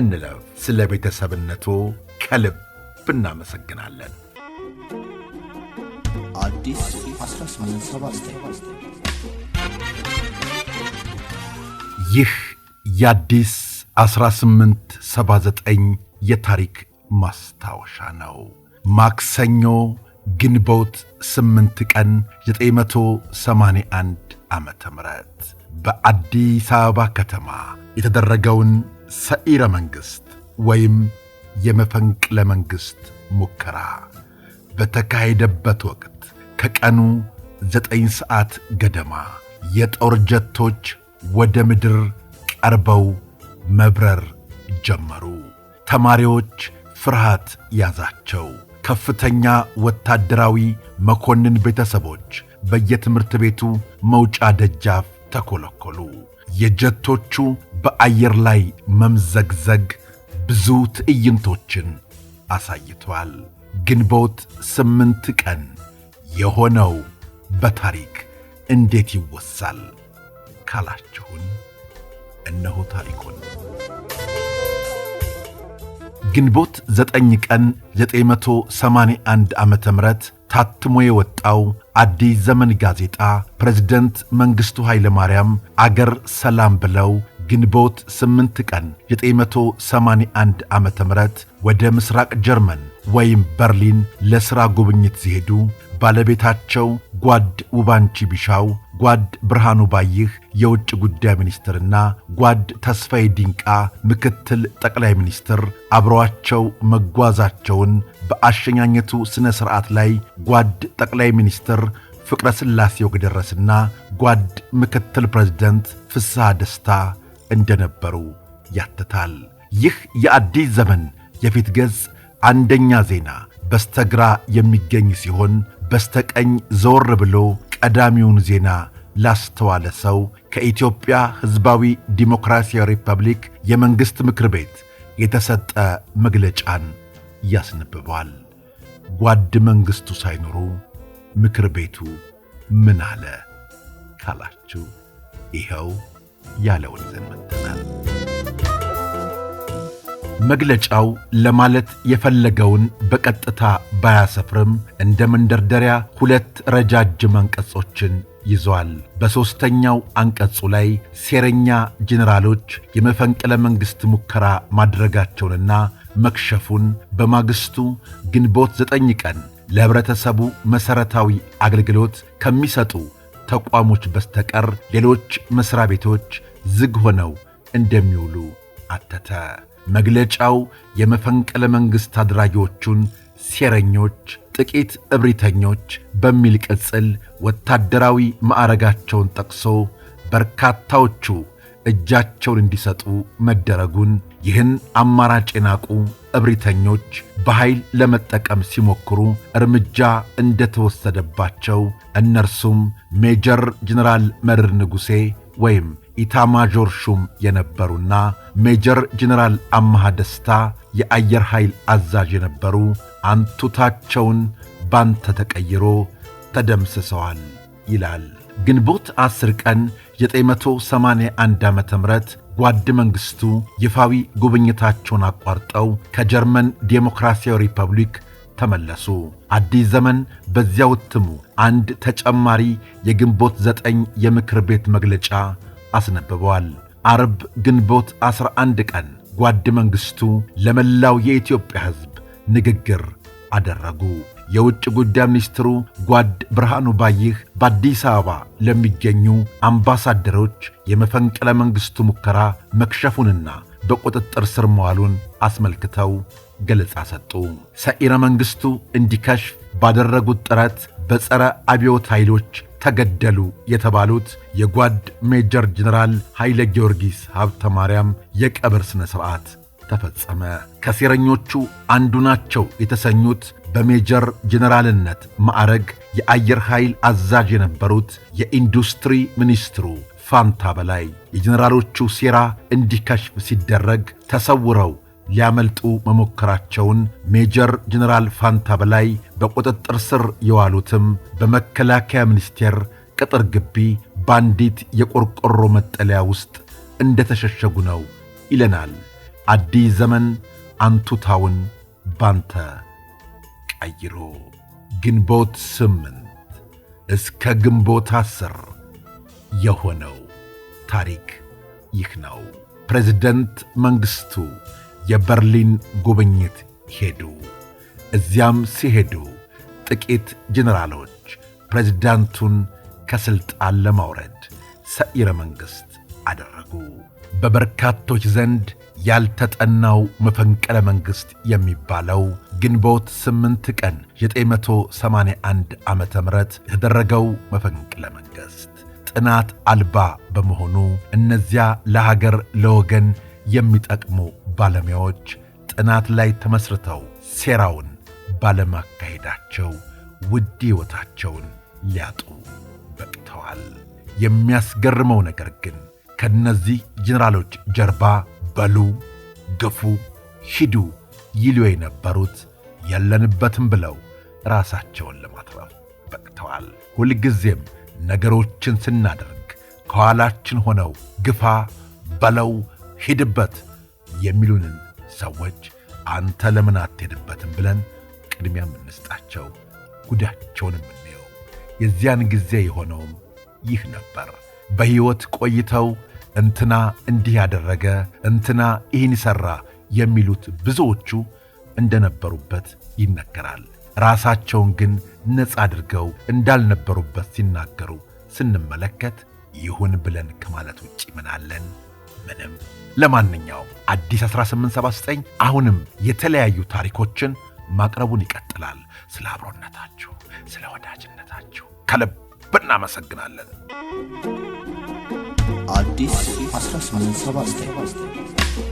እንለፍ። ስለ ቤተሰብነቱ ከልብ እናመሰግናለን። ይህ የአዲስ 1879 የታሪክ ማስታወሻ ነው። ማክሰኞ ግንቦት 8 ቀን 981 ዓ ም በአዲስ አበባ ከተማ የተደረገውን ሰኢረ መንግሥት ወይም የመፈንቅለ መንግሥት ሙከራ በተካሄደበት ወቅት ከቀኑ ዘጠኝ ሰዓት ገደማ የጦር ጀቶች ወደ ምድር ቀርበው መብረር ጀመሩ። ተማሪዎች ፍርሃት ያዛቸው። ከፍተኛ ወታደራዊ መኮንን ቤተሰቦች በየትምህርት ቤቱ መውጫ ደጃፍ ተኮለኮሉ። የጀቶቹ በአየር ላይ መምዘግዘግ ብዙ ትዕይንቶችን አሳይቷል። ግንቦት ስምንት ቀን የሆነው በታሪክ እንዴት ይወሳል ካላችሁን እነሆ ታሪኩን። ግንቦት ዘጠኝ ቀን 981 ዓ ም ታትሞ የወጣው አዲስ ዘመን ጋዜጣ ፕሬዝደንት መንግሥቱ ኃይለማርያም አገር ሰላም ብለው ግንቦት 8 ቀን 981 ዓ ም ወደ ምሥራቅ ጀርመን ወይም በርሊን ለሥራ ጉብኝት ሲሄዱ ባለቤታቸው ጓድ ውባንቺ ቢሻው፣ ጓድ ብርሃኑ ባይህ የውጭ ጉዳይ ሚኒስትርና ጓድ ተስፋዬ ዲንቃ ምክትል ጠቅላይ ሚኒስትር አብረዋቸው መጓዛቸውን በአሸኛኘቱ ሥነ ሥርዓት ላይ ጓድ ጠቅላይ ሚኒስትር ፍቅረ ሥላሴ ወግደረስና ጓድ ምክትል ፕሬዝደንት ፍስሐ ደስታ እንደነበሩ ያትታል። ይህ የአዲስ ዘመን የፊት ገጽ አንደኛ ዜና በስተግራ የሚገኝ ሲሆን በስተቀኝ ዘወር ብሎ ቀዳሚውን ዜና ላስተዋለ ሰው ከኢትዮጵያ ሕዝባዊ ዲሞክራሲያዊ ሪፐብሊክ የመንግሥት ምክር ቤት የተሰጠ መግለጫን ያስነብባል። ጓድ መንግሥቱ ሳይኖሩ ምክር ቤቱ ምን አለ ካላችሁ ይኸው ያለውን ዘመተናል። መግለጫው ለማለት የፈለገውን በቀጥታ ባያሰፍርም እንደ መንደርደሪያ ሁለት ረጃጅም አንቀጾችን ይዟል። በሦስተኛው አንቀጹ ላይ ሴረኛ ጄኔራሎች የመፈንቅለ መንግሥት ሙከራ ማድረጋቸውንና መክሸፉን በማግስቱ ግንቦት ዘጠኝ ቀን ለኅብረተሰቡ መሠረታዊ አገልግሎት ከሚሰጡ ተቋሞች በስተቀር ሌሎች መሥሪያ ቤቶች ዝግ ሆነው እንደሚውሉ አተተ። መግለጫው የመፈንቅለ መንግሥት አድራጊዎቹን ሴረኞች፣ ጥቂት እብሪተኞች በሚል ቅጽል ወታደራዊ ማዕረጋቸውን ጠቅሶ በርካታዎቹ እጃቸውን እንዲሰጡ መደረጉን ይህን አማራጭ የናቁ እብሪተኞች በኃይል ለመጠቀም ሲሞክሩ እርምጃ እንደተወሰደባቸው እነርሱም ሜጀር ጀነራል መርዕድ ንጉሴ ወይም ኢታማዦር ሹም የነበሩና ሜጀር ጀነራል አምሃ ደስታ የአየር ኃይል አዛዥ የነበሩ አንቱታቸውን ባንተ ተቀይሮ ተደምስሰዋል ይላል ግንቦት 10 ቀን 981 ዓ.ም ጓድ መንግሥቱ ይፋዊ ጉብኝታቸውን አቋርጠው ከጀርመን ዴሞክራሲያዊ ሪፐብሊክ ተመለሱ። አዲስ ዘመን በዚያው እትሙ አንድ ተጨማሪ የግንቦት ዘጠኝ የምክር ቤት መግለጫ አስነብበዋል። አርብ ግንቦት 11 ቀን ጓድ መንግሥቱ ለመላው የኢትዮጵያ ሕዝብ ንግግር አደረጉ። የውጭ ጉዳይ ሚኒስትሩ ጓድ ብርሃኑ ባይህ በአዲስ አበባ ለሚገኙ አምባሳደሮች የመፈንቅለ መንግሥቱ ሙከራ መክሸፉንና በቁጥጥር ስር መዋሉን አስመልክተው ገለጻ ሰጡ። ሰኢረ መንግሥቱ እንዲከሽፍ ባደረጉት ጥረት በጸረ አብዮት ኃይሎች ተገደሉ የተባሉት የጓድ ሜጀር ጀነራል ኃይለ ጊዮርጊስ ሀብተ ማርያም የቀብር ሥነ ሥርዓት ተፈጸመ። ከሴረኞቹ አንዱ ናቸው የተሰኙት በሜጀር ጀነራልነት ማዕረግ የአየር ኃይል አዛዥ የነበሩት የኢንዱስትሪ ሚኒስትሩ ፋንታ በላይ የጀነራሎቹ ሴራ እንዲከሽፍ ሲደረግ ተሰውረው ሊያመልጡ መሞከራቸውን ሜጀር ጀነራል ፋንታ በላይ በቁጥጥር ስር የዋሉትም በመከላከያ ሚኒስቴር ቅጥር ግቢ በአንዲት የቆርቆሮ መጠለያ ውስጥ እንደተሸሸጉ ነው ይለናል አዲስ ዘመን አንቱታውን ባንተ ተቀይሮ ግንቦት ስምንት እስከ ግንቦት አስር የሆነው ታሪክ ይህ ነው። ፕሬዝደንት መንግሥቱ የበርሊን ጉብኝት ሄዱ። እዚያም ሲሄዱ ጥቂት ጄኔራሎች ፕሬዚዳንቱን ከሥልጣን ለማውረድ ሰኢረ መንግሥት አደረጉ። በበርካቶች ዘንድ ያልተጠናው መፈንቅለ መንግሥት የሚባለው ግንቦት 8 ቀን 981 ዓ ም የተደረገው መፈንቅለ መንግሥት ጥናት አልባ በመሆኑ እነዚያ ለሀገር ለወገን የሚጠቅሙ ባለሙያዎች ጥናት ላይ ተመስርተው ሴራውን ባለማካሄዳቸው ውድ ሕይወታቸውን ሊያጡ በቅተዋል። የሚያስገርመው ነገር ግን ከእነዚህ ጄኔራሎች ጀርባ በሉ፣ ግፉ፣ ሂዱ ይሉ የነበሩት ያለንበትም ብለው ራሳቸውን ለማትረፍ በቅተዋል። ሁልጊዜም ነገሮችን ስናደርግ ከኋላችን ሆነው ግፋ በለው፣ ሂድበት የሚሉንን ሰዎች አንተ ለምን አትሄድበትም ብለን ቅድሚያ የምንስጣቸው ጉዳቸውን የምንየው የዚያን ጊዜ የሆነውም ይህ ነበር። በሕይወት ቆይተው እንትና እንዲህ ያደረገ እንትና ይህን ይሠራ የሚሉት ብዙዎቹ እንደነበሩበት ይነገራል። ራሳቸውን ግን ነፃ አድርገው እንዳልነበሩበት ሲናገሩ ስንመለከት ይሁን ብለን ከማለት ውጭ ምናለን? ምንም። ለማንኛውም አዲስ 1879 አሁንም የተለያዩ ታሪኮችን ማቅረቡን ይቀጥላል። ስለ አብሮነታችሁ፣ ስለ ወዳጅነታችሁ ከልብ እናመሰግናለን። አዲስ 1879